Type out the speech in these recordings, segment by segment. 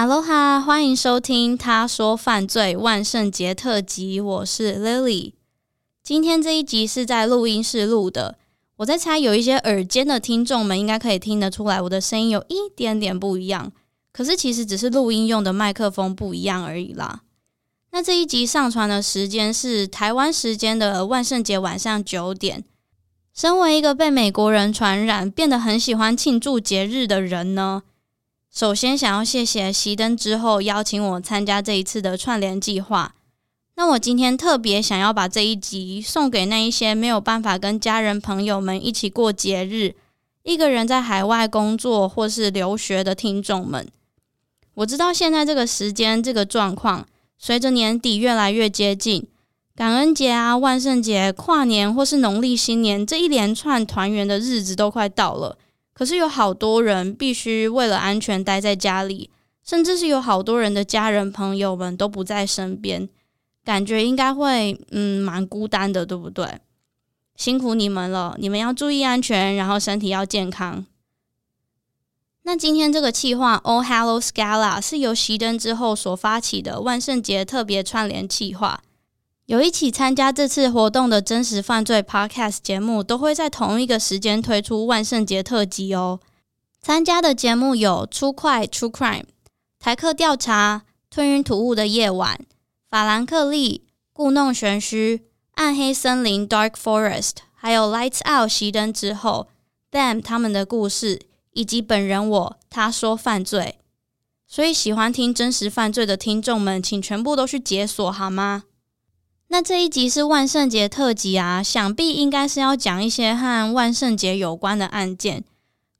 Aloha，歡迎收聽《他說犯罪》萬聖節特輯。我是 Lily，今天這一集是在錄音室錄的。我在猜，有一些耳尖的聽眾們應該可以聽得出來，我的聲音有一點點不一樣。可是其實只是錄音用的麥克風不一樣而已啦。那這一集上傳的時間是台灣時間的萬聖節晚上九點。身為一個被美國人傳染，變得很喜歡慶祝節日的人呢，首先，想要謝謝熄燈之後邀請我參加這一次的串聯計劃。那我今天特別想要把這一集送給那一些沒有辦法跟家人朋友們一起過節日，一個人在海外工作或是留學的聽眾們。我知道現在這個時間、這個狀況，隨着年底越來越接近，感恩節啊、萬聖節、跨年或是農曆新年這一連串團圓的日子都快到了。可是有好多人必須為了安全待在家裡，甚至是有好多人的家人朋友們都不在身邊，感覺應該會嗯蠻孤單的，對不對？辛苦你們了，你們要注意安全，然後身體要健康。那今天這個企劃 All Hallow's Gala 是由熄燈之後所發起的萬聖節特別串聯企劃。有一起參加這次活動的真實犯罪 podcast 節目都會在同一個時間推出萬聖節特輯哦。參加的節目有《出快出 crime》、《台客調查》、《吞雲吐霧的夜晚》、《法蘭克利故弄玄虛》、《暗黑森林 Dark Forest》、還有《Lights Out 熄燈之後》、《them 他們的故事》以及本人我她說犯罪。所以喜歡聽真實犯罪的聽眾們，請全部都去解鎖好嗎？那這一集是萬聖節特輯啊，想必應該是要講一些和萬聖節有關的案件。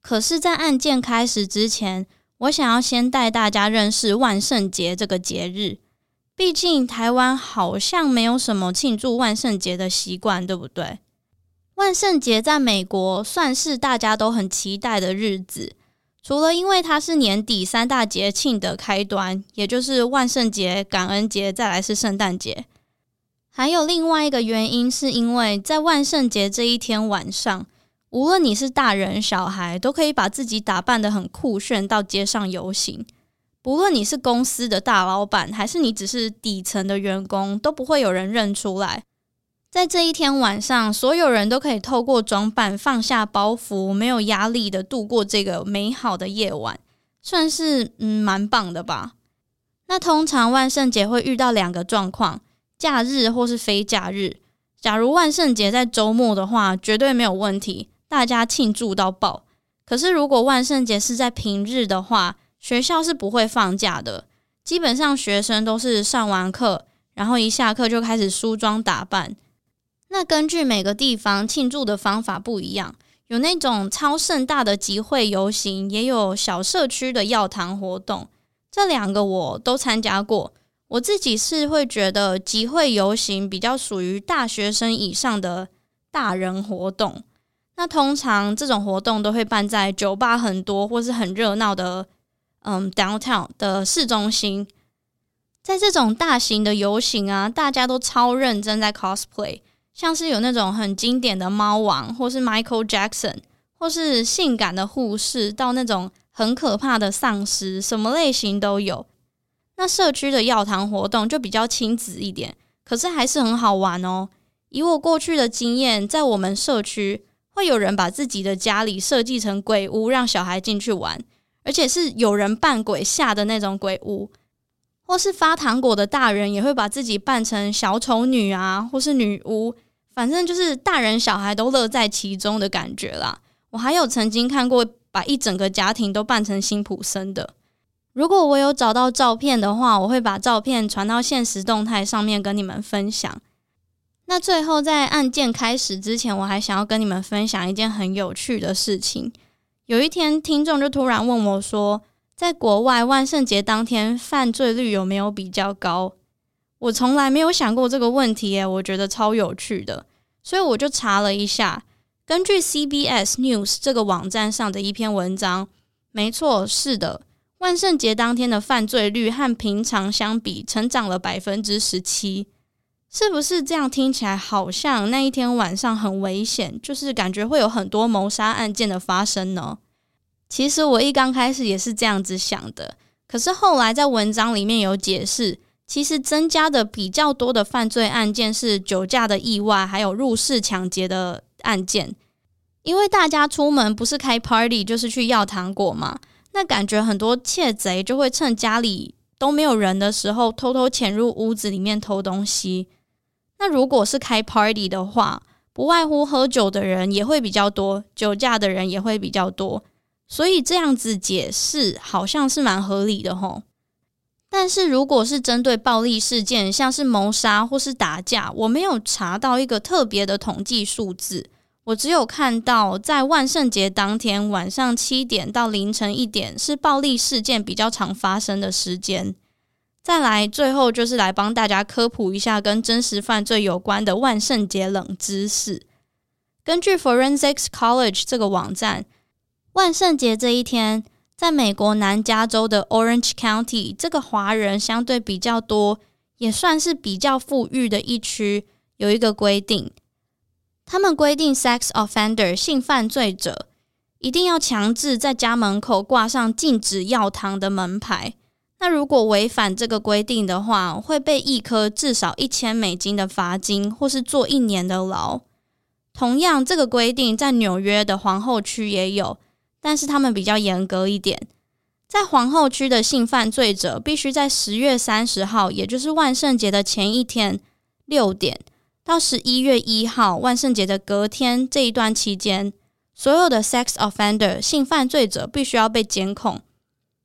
可是，在案件開始之前，我想要先帶大家認識萬聖節這個節日。畢竟，台灣好像沒有什麼慶祝萬聖節的習慣，對不對？萬聖節在美國算是大家都很期待的日子，除了因為它是年底三大節慶的開端，也就是萬聖節、感恩節，再來是聖誕節。還有另外一個原因，是因為在萬聖節這一天晚上，無論你是大人小孩，都可以把自己打扮得很酷炫，到街上遊行。不論你是公司的大老闆，還是你只是底層的員工，都不會有人認出來。在這一天晚上，所有人都可以透過裝扮放下包袱，沒有壓力地度過這個美好的夜晚，算是，嗯，蠻棒的吧。那通常萬聖節會遇到兩個狀況。假日或是非假日，假如萬聖節在周末的話，絕對沒有問題，大家慶祝到爆。可是如果萬聖節是在平日的話，學校是不會放假的，基本上學生都是上完課，然後一下課就開始梳妝打扮。那根據每個地方慶祝的方法不一樣，有那種超盛大的集會遊行，也有小社區的要糖活動，這兩個我都參加過。我自己是會覺得集會遊行比較屬於大學生以上的大人活動，那通常這種活動都會辦在酒吧很多或是很熱鬧的，嗯、um，downtown 的市中心。在這種大型的遊行啊，大家都超認真在 cosplay，像是有那種很經典的貓王，或是 Michael Jackson，或是性感的護士，到那種很可怕的喪屍，什麼類型都有。那社區的要糖活動就比較親子一點，可是還是很好玩哦。以我過去的經驗，在我們社區會有人把自己的家裡設計成鬼屋，讓小孩進去玩，而且是有人扮鬼嚇的那種鬼屋。或是發糖果的大人也會把自己扮成小丑女啊，或是女巫，反正就是大人小孩都樂在其中的感覺啦。我還有曾經看過把一整個家庭都扮成辛普森的。如果我有找到照片的話，我會把照片傳到現實動態上面跟你們分享。那最後，在案件開始之前，我還想要跟你們分享一件很有趣的事情。有一天，聽眾就突然問我說：“在國外，萬聖節當天犯罪率有沒有比較高？”我從來沒有想過這個問題，耶，我覺得超有趣的，所以我就查了一下，根據 CBS News 這個網站上的一篇文章，沒錯，是的。萬聖節當天的犯罪率和平常相比，成長了百分之十七，是不是這樣？聽起來好像那一天晚上很危險，就是感覺會有很多謀殺案件的發生呢？其實我一剛開始也是這樣子想的，可是後來在文章裡面有解釋，其實增加的比較多的犯罪案件是酒駕的意外，還有入室搶劫的案件，因為大家出門不是開 party 就是去要糖果嘛。那感覺很多竊賊就會趁家裡都沒有人的時候，偷偷潛入屋子裡面偷東西。那如果是開 party 的話，不外乎喝酒的人也會比較多，酒駕的人也會比較多，所以這樣子解釋好像是蠻合理的吼。但是如果是針對暴力事件，像是謀殺或是打架，我沒有查到一個特別的統計數字。我只有看到在萬聖節當天晚上七點到凌晨一點是暴力事件比較常發生的時間。再來，最後就是來幫大家科普一下跟真實犯罪有關的萬聖節冷知識。根據 Forensics College 這個網站，萬聖節這一天，在美國南加州的 Orange County 這個華人相對比較多，也算是比較富裕的一區，有一個規定。他們規定，sex offender 性犯罪者，一定要強制在家門口掛上禁止要糖的門牌。那如果違反這個規定的話，會被課以至少一千美金的罰金，或是坐一年的牢。同樣，這個規定在紐約的皇後區也有，但是他們比較嚴格一點。在皇後區的性犯罪者必須在十月三十號，也就是萬聖節的前一天六點。到十一月一號，萬聖節的隔天這一段期間，所有的 sex offender 性犯罪者必須要被監控。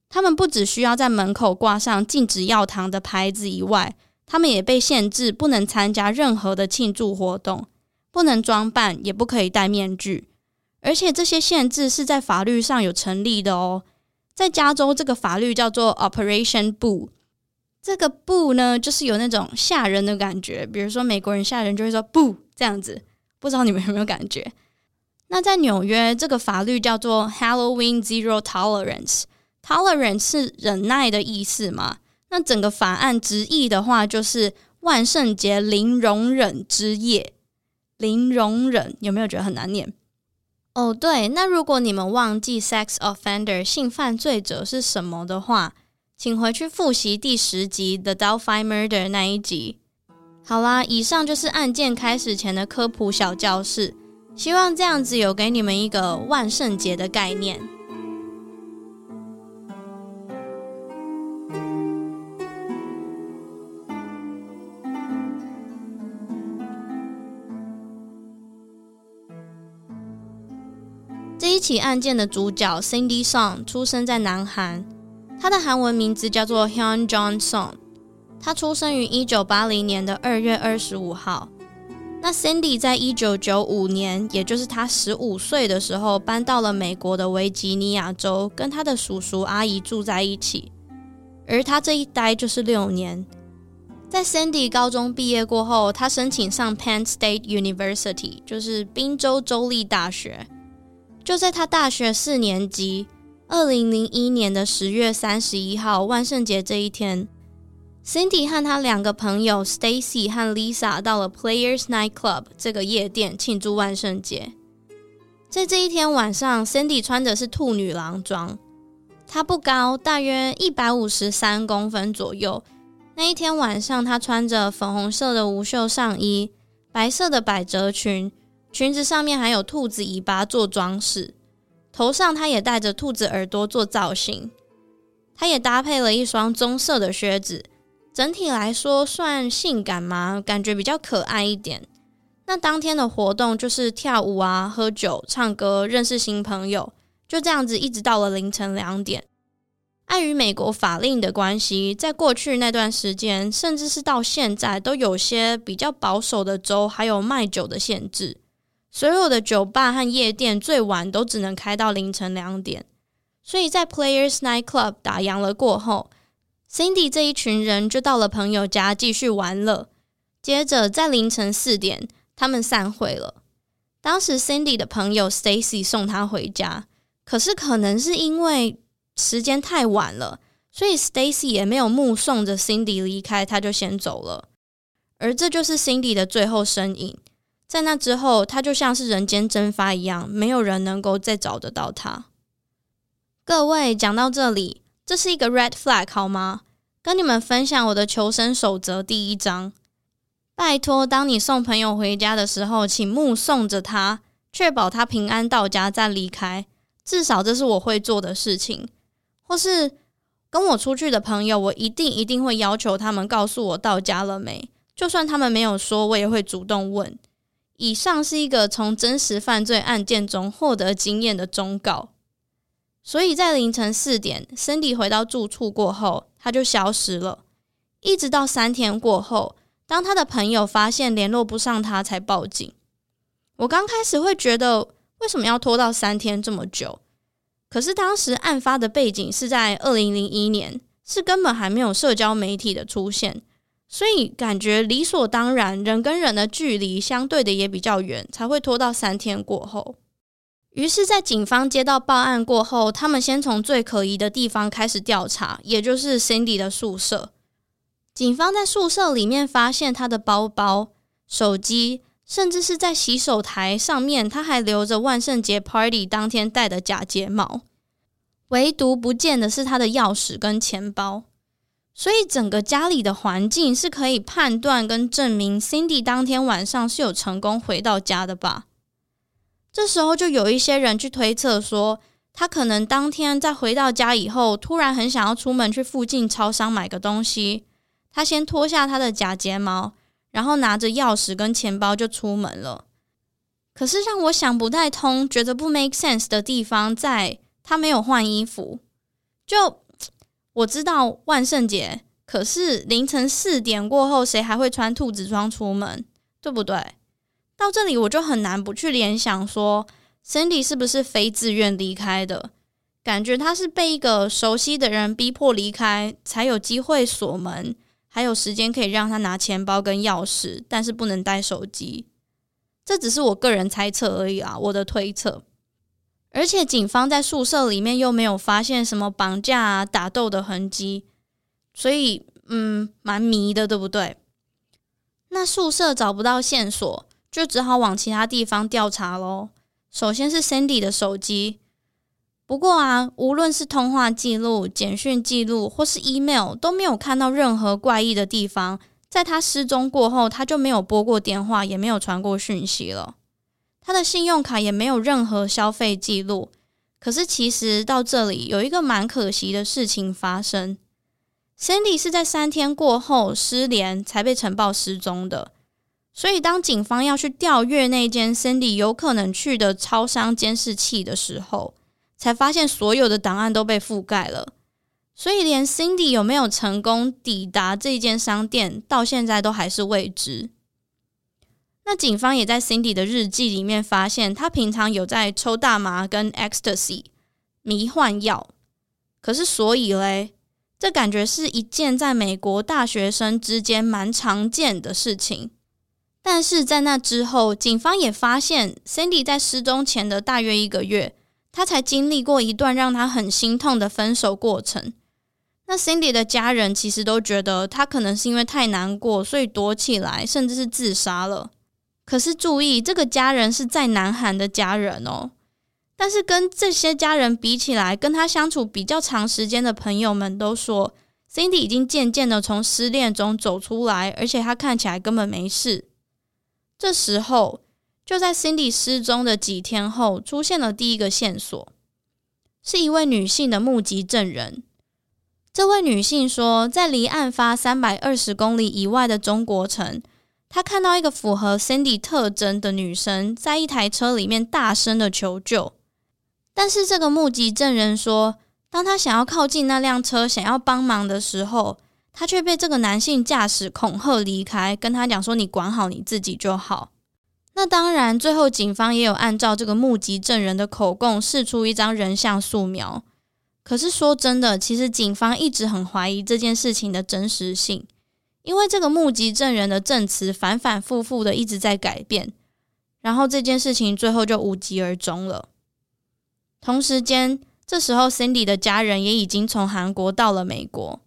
他們不只需要在門口掛上禁止要糖的牌子，以外，他們也被限制不能參加任何的慶祝活動，不能裝扮，也不可以戴面具。而且這些限制是在法律上有成立的哦。在加州，這個法律叫做 Operation Boo。這個 boo 呢，就是有那種嚇人的感覺，比如說美國人嚇人就會說不這樣子，不知道你們有沒有感覺？那在紐約，這個法律叫做 Halloween Zero Tolerance，Tolerance Tol、er、是忍耐的意思嘛？那整個法案直譯的話就是萬聖節零容忍之夜，零容忍有沒有覺得很難念？哦，oh, 對，那如果你們忘記 Sex Offender 性犯罪者是什麼的話。請回去複習第十集《The Delphi Murder》那一集。好啦，以上就是案件開始前的科普小教室，希望這樣子有給你們一個萬聖節的概念。這一起案件的主角 Cindy Song 出生在南韓。他的韓文名字叫做 Hyun Johnson，他出生於一九八零年的二月二十五號。那 Cindy 在一九九五年，也就是他十五歲的時候，搬到了美國的維吉尼亞州，跟他的叔叔阿姨住在一起。而他這一待就是六年。在 Cindy 高中畢業過後，他申請上 Penn State University，就是賓州州立大學。就在他大學四年級。二零零一年的十月三十一號，萬聖節這一天，Cindy 和他兩個朋友 Stacy 和 Lisa 到了 Players Night Club 這個夜店慶祝萬聖節。在這一天晚上，Cindy 穿的是兔女郎裝。她不高，大約一百五十三公分左右。那一天晚上，她穿着粉紅色的無袖上衣，白色的百褶裙，裙子上面還有兔子尾巴做裝飾。頭上他也戴着兔子耳朵做造型，他也搭配了一雙棕色的靴子，整體來說算性感嗎？感覺比較可愛一點。那當天的活動就是跳舞啊、喝酒、唱歌、認識新朋友，就這樣子一直到了凌晨兩點。礙於美國法令的關係，在過去那段時間，甚至是到現在，都有些比較保守的州還有賣酒的限制。所有的酒吧和夜店最晚都只能開到凌晨兩點，所以在 Players Night Club 打烊了過後，Cindy 這一群人就到了朋友家繼續玩樂。接着在凌晨四點，他們散會了。當時 Cindy 的朋友 Stacy 送她回家，可是可能是因為時間太晚了，所以 Stacy 也沒有目送着 Cindy 離開，她就先走了。而這就是 Cindy 的最後身影。在那之後，他就像是人間蒸發一樣，沒有人能夠再找得到他。各位，講到這裡，這是一個 red flag 好嗎？跟你們分享我的求生守則第一章。拜托，當你送朋友回家的時候，請目送着他，確保他平安到家再離開。至少這是我會做的事情。或是跟我出去的朋友，我一定一定會要求他們告訴我到家了沒，就算他們沒有說，我也會主動問。以上是一個從真實犯罪案件中獲得經驗的忠告。所以在凌晨四點，Cindy 回到住處過後，他就消失了，一直到三天過後，當他的朋友發現聯絡不上他，才報警。我剛開始會覺得為什麼要拖到三天這麼久？可是當時案發的背景是在二零零一年，是根本還沒有社交媒體的出現。所以感覺理所當然，人跟人的距離相對的也比較遠，才會拖到三天過後。於是，在警方接到報案過後，他們先從最可疑的地方開始調查，也就是 Cindy 的宿舍。警方在宿舍裡面發現她的包包、手機，甚至是在洗手台上面，她還留着萬聖節 Party 當天戴的假睫毛。唯獨不見的是他的鑰匙跟錢包。所以整個家裡的環境是可以判斷跟證明 Cindy 當天晚上是有成功回到家的吧？這時候就有一些人去推測說，他可能當天在回到家以後，突然很想要出門去附近超商買個東西，他先脫下他的假睫毛，然後拿着鑰匙跟錢包就出門了。可是讓我想不太通，覺得不 make sense 的地方在，在他沒有換衣服就。我知道萬聖節，可是凌晨四點過後，誰還會穿兔子裝出門？對不對？到這裡我就很難不去聯想，說 Cindy 是不是非自願離開的？感覺他是被一個熟悉的人逼迫離開，才有機會鎖門，還有時間可以讓他拿錢包跟鑰匙，但是不能帶手機。這只是我個人猜測而已啊，我的推測。而且警方在宿舍裡面又沒有發現什麼綁架啊，打鬥的痕跡，所以嗯，蠻迷的，對不對？那宿舍找不到線索，就只好往其他地方調查嘍。首先是 Cindy 的手機，不過啊，無論是通話記錄、簡訊記錄或是 email，都沒有看到任何怪異的地方。在他失蹤過後，他就沒有撥過電話，也沒有傳過訊息了。他的信用卡也沒有任何消費記錄，可是其實到這裡有一個蠻可惜的事情發生。Cindy 是在三天過後失聯，才被呈報失蹤的。所以當警方要去調閱那間 Cindy 有可能去的超商監視器的時候，才發現所有的檔案都被覆蓋了。所以連 Cindy 有沒有成功抵達這間商店，到現在都還是未知。那警方也在 Cindy 的日記裡面發現，他平常有在抽大麻跟 ecstasy 迷幻藥。可是，所以嘞，這感覺是一件在美國大學生之間蠻常見的事情。但是在那之後，警方也發現 Cindy 在失蹤前的大約一個月，他才經歷過一段讓他很心痛的分手過程。那 Cindy 的家人其實都覺得，他可能是因為太難過，所以躲起來，甚至是自殺了。可是注意，這個家人是在南韓的家人哦。但是跟這些家人比起來，跟他相處比較長時間的朋友們都說，Cindy 已經漸漸的從失戀中走出來，而且他看起來根本沒事。這時候，就在 Cindy 失蹤的幾天後，出現了第一個線索，是一位女性的目擊證人。這位女性說，在離案發三百二十公里以外的中國城。他看到一個符合 Cindy 特徵的女生在一台車裡面大聲的求救，但是這個目擊證人說，當他想要靠近那輛車想要幫忙的時候，他卻被這個男性駕駛恐嚇離開，跟他講說你管好你自己就好。那當然，最後警方也有按照這個目擊證人的口供，釋出一張人像素描。可是說真的，其實警方一直很懷疑這件事情的真實性。因為這個目擊證人的證詞反反复复的一直在改變，然後這件事情最後就無疾而終了。同時間，這時候 Cindy 的家人也已經從韓國到了美國。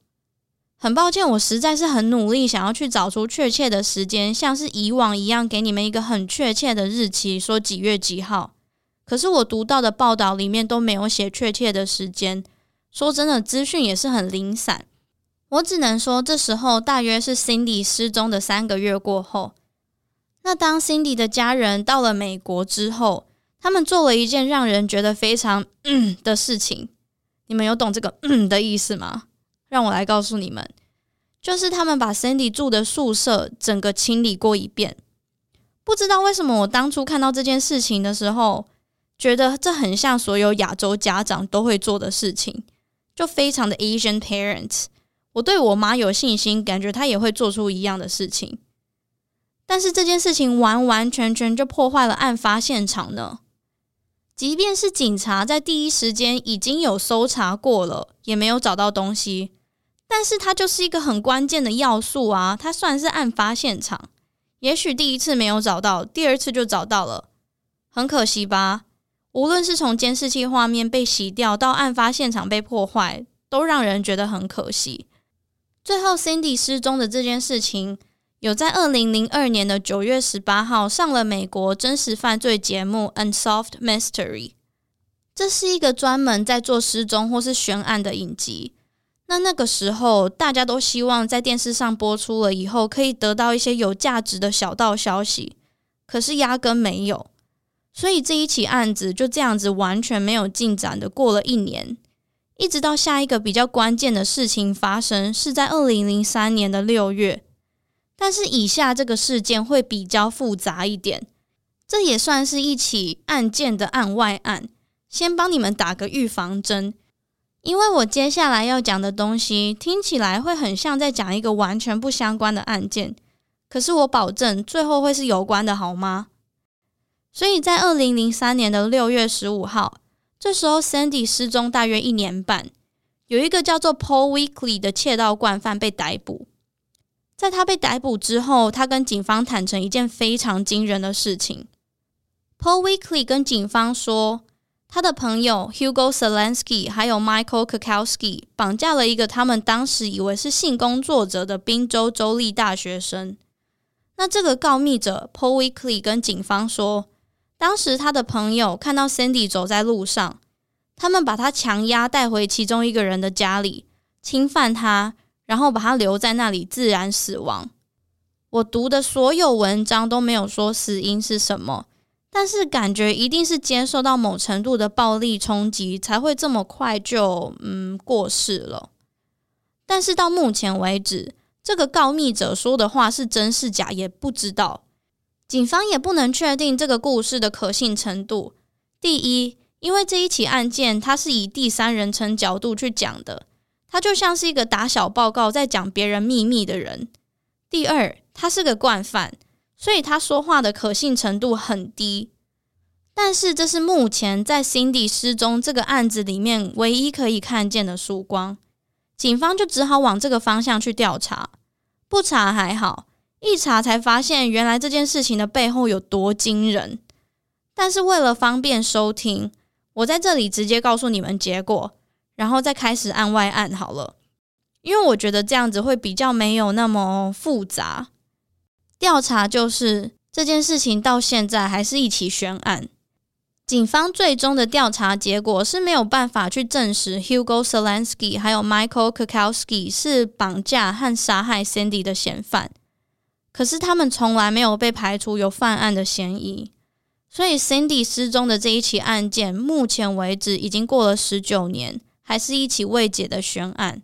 很抱歉，我實在是很努力想要去找出確切的時間，像是以往一樣給你們一個很確切的日期，說幾月幾號。可是我讀到的報道裡面都沒有寫確切的時間。說真的，資訊也是很零散。我只能說，這時候大約是 Cindy 失蹤的三個月過後。那當 Cindy 的家人到了美國之後，他們做了一件讓人覺得非常嗯的事情。你們有懂這個“嗯”的意思嗎？讓我來告訴你們，就是他們把 Cindy 住的宿舍整個清理過一遍。不知道為什麼，我當初看到這件事情的時候，覺得這很像所有亞洲家長都會做的事情，就非常的 Asian parents。我對我媽有信心，感覺她也會做出一樣的事情。但是這件事情完完全全就破壞了案發現場呢。即便是警察在第一時間已經有搜查過了，也沒有找到東西。但是它就是一個很關鍵的要素啊，它算是案發現場。也許第一次沒有找到，第二次就找到了。很可惜吧？無論是從監視器畫面被洗掉，到案發現場被破壞，都讓人覺得很可惜。最後，Cindy 失蹤的這件事情，有在二零零二年的九月十八號上了美國真實犯罪節目《Unsolved Mystery》，這是一個專門在做失蹤或是懸案的影集。那那個時候，大家都希望在電視上播出了以後，可以得到一些有價值的小道消息，可是壓根沒有。所以這一起案子就這樣子完全沒有進展的過了一年。一直到下一個比較關鍵的事情發生，是在二零零三年的六月。但是以下這個事件會比較複雜一點，這也算是一起案件的案外案。先幫你們打個預防針，因為我接下來要講的東西聽起來會很像在講一個完全不相關的案件，可是我保證最後會是有關的，好嗎？所以在二零零三年的六月十五號。這時候，Cindy 失蹤大約一年半，有一個叫做 Paul Weakley 的竊盜慣犯被逮捕。在他被逮捕之後，他跟警方坦承一件非常驚人的事情。Paul Weakley 跟警方說，他的朋友 Hugo Selenski 還有 Michael Kerkowski 綁架了一個他們當時以為是性工作者的賓州州立大學生。那這個告密者 Paul Weakley 跟警方說。當時他的朋友看到 Cindy 走在路上，他們把他強壓帶回其中一個人的家裡，侵犯他，然後把他留在那裡，自然死亡。我讀的所有文章都沒有說死因是什麼，但是感覺一定是接受到某程度的暴力衝擊才會這麼快就嗯過世了。但是到目前為止，這個告密者說的話是真是假也不知道。警方也不能確定這個故事的可信程度。第一，因為這一起案件它是以第三人稱角度去講的，他就像是一個打小報告在講別人秘密的人。第二，他是個慣犯，所以他說話的可信程度很低。但是這是目前在 Cindy 失蹤這個案子裡面唯一可以看見的曙光，警方就只好往這個方向去調查，不查還好。一查才發現，原來這件事情的背後有多驚人。但是為了方便收聽，我在這裡直接告訴你們結果，然後再開始案外案好了。因為我覺得這樣子會比較沒有那麼複雜。調查就是這件事情到現在還是一起懸案。警方最終的調查結果是沒有辦法去證實 Hugo Selenski 還有 Michael Kerkowski 是綁架和殺害 Cindy 的嫌犯。可是他們從來沒有被排除有犯案的嫌疑，所以 Cindy 失蹤的這一起案件，目前為止已經過了十九年，還是一起未解的懸案。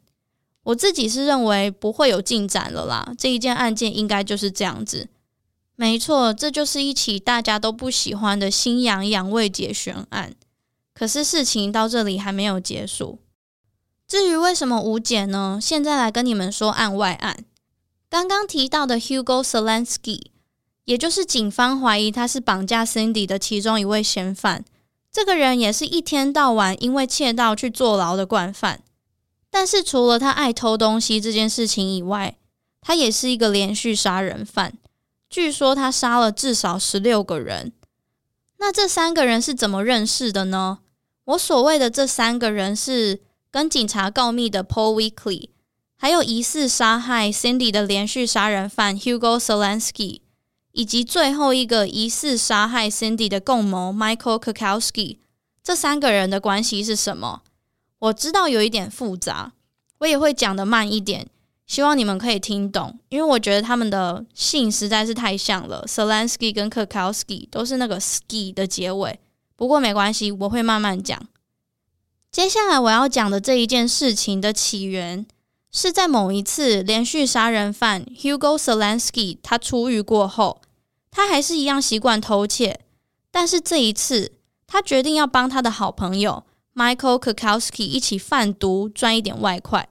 我自己是認為不會有進展了啦，這一件案件應該就是這樣子。沒錯，這就是一起大家都不喜歡的心癢癢未解懸案。可是事情到這裡還沒有結束。至於為什麼無解呢？現在來跟你們說案外案。剛剛提到的 Hugo Selenski，也就是警方懷疑他是綁架 Cindy 的其中一位嫌犯，這個人也是一天到晚因為竊盜去坐牢的慣犯。但是除了他愛偷東西這件事情以外，他也是一個連續殺人犯。據說他殺了至少十六個人。那這三個人是怎麼認識的呢？我所謂的這三個人是跟警察告密的 Paul Weakley。還有疑似殺害 Cindy 的連續殺人犯 Hugo Selenski 以及最後一個疑似殺害 Cindy 的共謀 Michael Kerkowski，這三個人的關係是什麼？我知道有一點複雜，我也會講得慢一點，希望你們可以聽懂。因為我覺得他們的姓實在是太像了 Selenski 跟 Kerkowski 都是那個 ski 的結尾。不過沒關係，我會慢慢講。接下來我要講的這一件事情的起源，是在某一次連續殺人犯 Hugo Selenski 他出獄過後，他還是一樣習慣偷竊，但是這一次他決定要幫他的好朋友 Michael Kerkowski 一起販毒賺一點外快。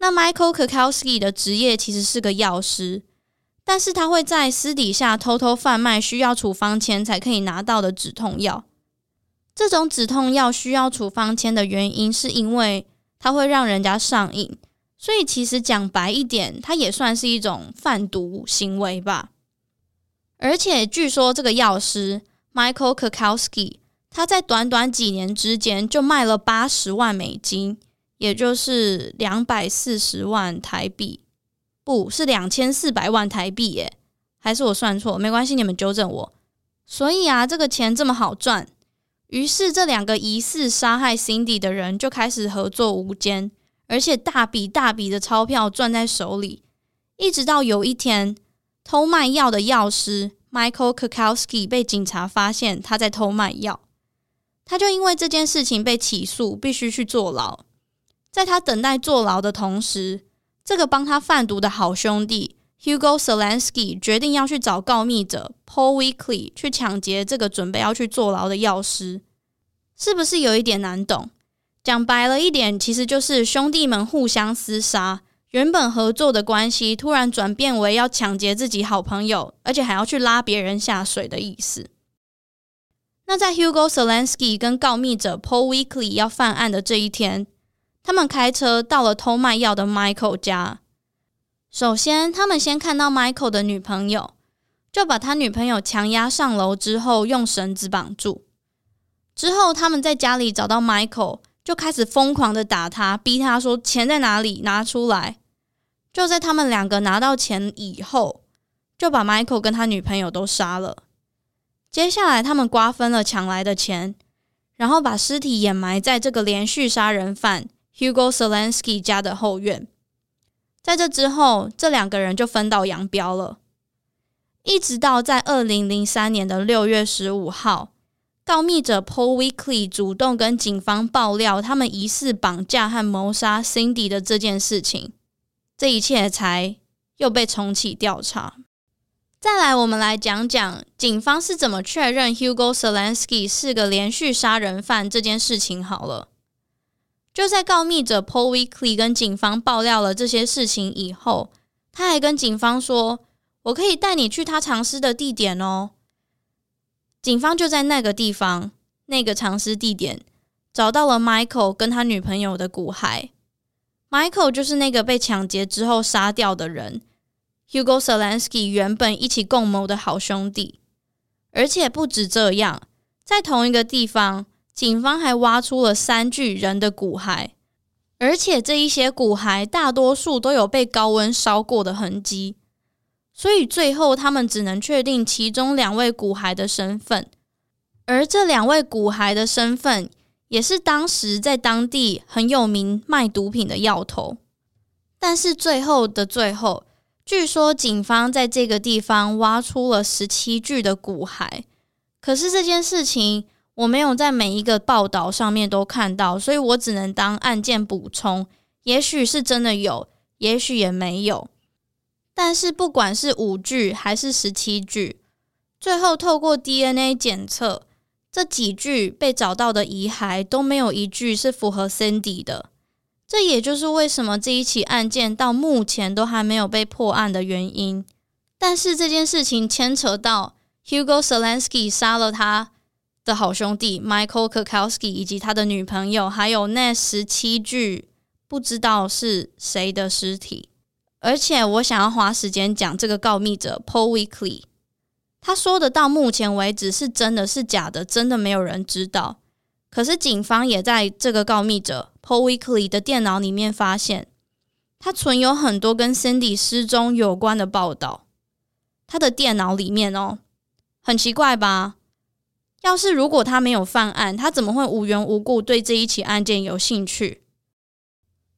那 Michael Kerkowski 的職業其實是個藥師，但是他會在私底下偷偷販賣需要處方簽才可以拿到的止痛藥。這種止痛藥需要處方簽的原因，是因為它會讓人家上癮。所以其實講白一點，他也算是一種販毒行為吧。而且據說這個藥師 Michael Kerkowski，他在短短幾年之間就賣了八十萬美金，也就是兩百四十萬台幣，不，是兩千四百萬台幣耶？還是我算錯？沒關係，你們糾正我。所以啊，這個錢這麼好賺，於是這兩個疑似殺害 Cindy 的人就開始合作無間。而且大筆大筆的鈔票攥在手裡，一直到有一天，偷賣藥的藥師 Michael Kerkowski 被警察發現他在偷賣藥，他就因為這件事情被起訴，必須去坐牢。在他等待坐牢的同時，這個幫他販毒的好兄弟 Hugo Selenski 決定要去找告密者 Paul Weakley 去搶劫這個準備要去坐牢的藥師，是不是有一點難懂？講白了一點，其實就是兄弟們互相廝殺，原本合作的關係突然轉變為要搶劫自己好朋友，而且還要去拉別人下水的意思。那在 Hugo Selenski 跟告密者 Paul Weakley 要犯案的這一天，他們開車到了偷賣藥的 Michael 家。首先，他們先看到 Michael 的女朋友，就把他女朋友強壓上樓之後，用繩子綁住。之後，他們在家裡找到 Michael。就開始瘋狂的打他，逼他說錢在哪裡拿出來。就在他們兩個拿到錢以後，就把 Michael 跟他女朋友都殺了。接下來，他們瓜分了搶來的錢，然後把屍體掩埋在這個連續殺人犯 Hugo Selenski 家的後院。在這之後，這兩個人就分道揚鑣了。一直到在二零零三年的六月十五號。告密者 Paul Weakley 主動跟警方爆料，他們疑似綁架和謀殺 Cindy 的這件事情，這一切才又被重啟調查。再來，我們來講講警方是怎麼確認 Hugo Selenski 是個連續殺人犯這件事情好了。就在告密者 Paul Weakley 跟警方爆料了這些事情以後，他還跟警方說：“我可以帶你去他藏屍的地點哦。”警方就在那個地方，那個藏屍地點，找到了 Michael 跟他女朋友的骨骸。Michael 就是那個被搶劫之後殺掉的人，Hugo Selenski 原本一起共謀的好兄弟。而且不止這樣，在同一個地方，警方還挖出了三具人的骨骸，而且這一些骨骸大多數都有被高溫燒過的痕跡。所以最後，他們只能確定其中兩位骨骸的身份，而這兩位骨骸的身份也是當時在當地很有名賣毒品的藥頭。但是最後的最後，據說警方在這個地方挖出了十七具的骨骸。可是這件事情我沒有在每一個報道上面都看到，所以我只能當案件補充，也許是真的有，也許也沒有。但是，不管是五具還是十七具，最後透過 DNA 檢測，這幾具被找到的遺骸都沒有一具是符合 Cindy 的。這也就是為什麼這一起案件到目前都還沒有被破案的原因。但是，這件事情牽扯到 Hugo Selenski 殺了他的好兄弟 Michael Kerkowski 以及他的女朋友，還有那十七具不知道是誰的屍體。而且我想要花時間講這個告密者 Paul Weakley，他說的到目前為止是真的是假的，真的沒有人知道。可是警方也在這個告密者 Paul Weakley 的電腦裡面發現，他存有很多跟 Cindy 失蹤有關的報道。他的電腦裡面哦，很奇怪吧？要是如果他沒有犯案，他怎麼會無緣無故對這一起案件有興趣？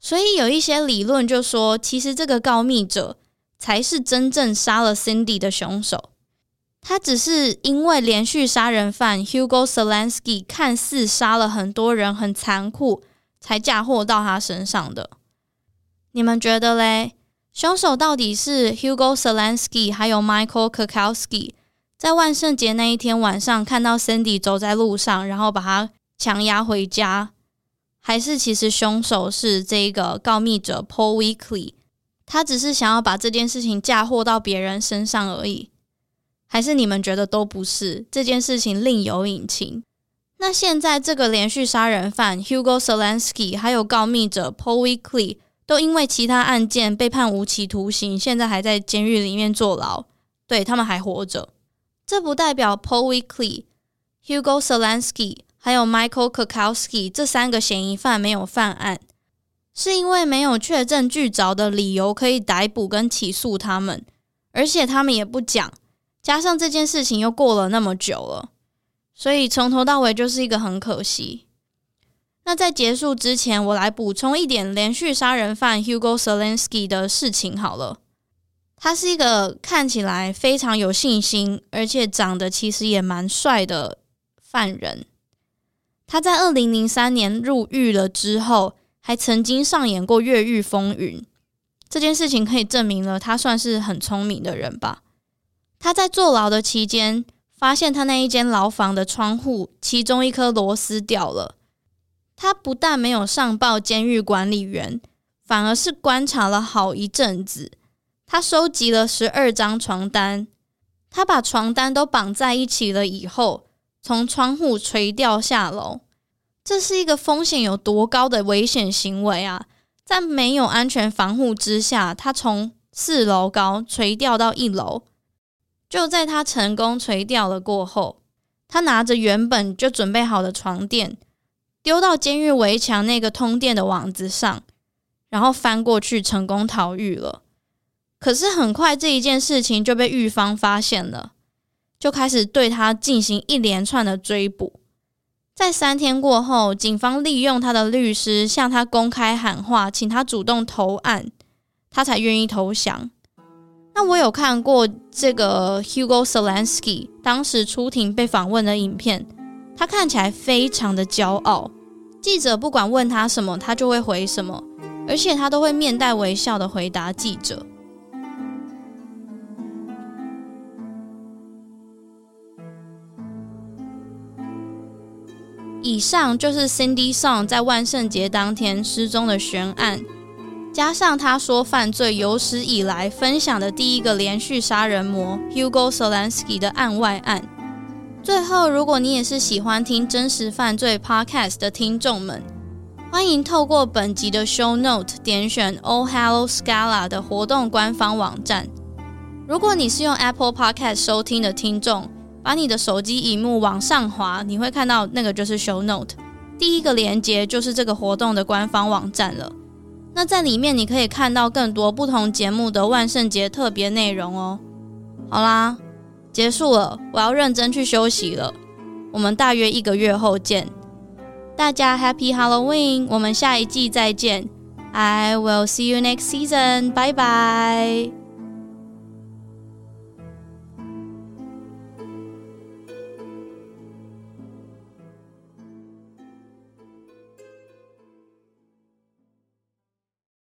所以有一些理論就說，其實這個告密者才是真正殺了 Cindy 的凶手，他只是因為連續殺人犯 Hugo Selenski 看似殺了很多人，很殘酷，才嫁禍到他身上的。你們覺得嘞？凶手到底是 Hugo Selenski 還有 Michael Kerkowski 在萬聖節那一天晚上看到 Cindy 走在路上，然後把他強壓回家？還是其實凶手是這個告密者 Paul Weakley，他只是想要把這件事情嫁禍到別人身上而已。還是你們覺得都不是，這件事情另有隱情？那現在這個連續殺人犯 Hugo Selenski 還有告密者 Paul Weakley 都因為其他案件被判無期徒刑，現在還在監獄裡面坐牢。對，他們還活着，這不代表 Paul Weakley、Hugo Selenski 還有 Michael Kerkowski 這三個嫌疑犯沒有犯案，是因為沒有證據確鑿的理由可以逮捕跟起訴他們，而且他們也不講。加上這件事情又過了那麼久了，所以從頭到尾就是一個很可惜。那在結束之前，我來補充一點連續殺人犯 Hugo Selenski 的事情好了。他是一個看起來非常有信心，而且長得其實也蠻帥的犯人。他在二零零三年入獄了之後，還曾經上演過越獄風雲。這件事情可以證明了，他算是很聰明的人吧。他在坐牢的期間，發現他那一間牢房的窗戶其中一顆螺絲掉了。他不但沒有上報監獄管理員，反而是觀察了好一陣子。他收集了十二張床單，他把床單都綁在一起了以後。從窗戶垂吊下樓，這是一個風險有多高的危險行為啊！在沒有安全防護之下，他從四樓高垂吊到一樓。就在他成功垂吊了過後，他拿着原本就準備好的床墊，丟到監獄圍牆那個通電的網子上，然後翻過去成功逃獄了。可是很快這一件事情就被獄方發現了。就開始對他進行一連串的追捕，在三天過後，警方利用他的律師向他公開喊話，請他主動投案，他才願意投降。那我有看過這個 Hugo Selenski 當時出庭被訪問的影片，他看起來非常的驕傲，記者不管問他什麼，他就會回什麼，而且他都會面帶微笑的回答記者。以上就是 Cindy Song 在萬聖節當天失蹤的懸案，加上她說犯罪有史以來分享的第一個連續殺人魔 Hugo Selenski 的案外案。最後，如果你也是喜歡聽真實犯罪 podcast 的聽眾們，歡迎透過本集的 show note 點選 All Hallow's Gala 的活動官方網站。如果你是用 Apple Podcast 收聽的聽眾。把你的手機熒幕往上滑，你會看到那個就是 Show Note，第一個鏈接就是這個活動的官方網站了。那在裡面你可以看到更多不同節目的萬聖節特別內容哦。好啦，結束了，我要認真去休息了。我們大約一個月後見，大家 Happy Halloween，我們下一季再見，I will see you next season，拜拜。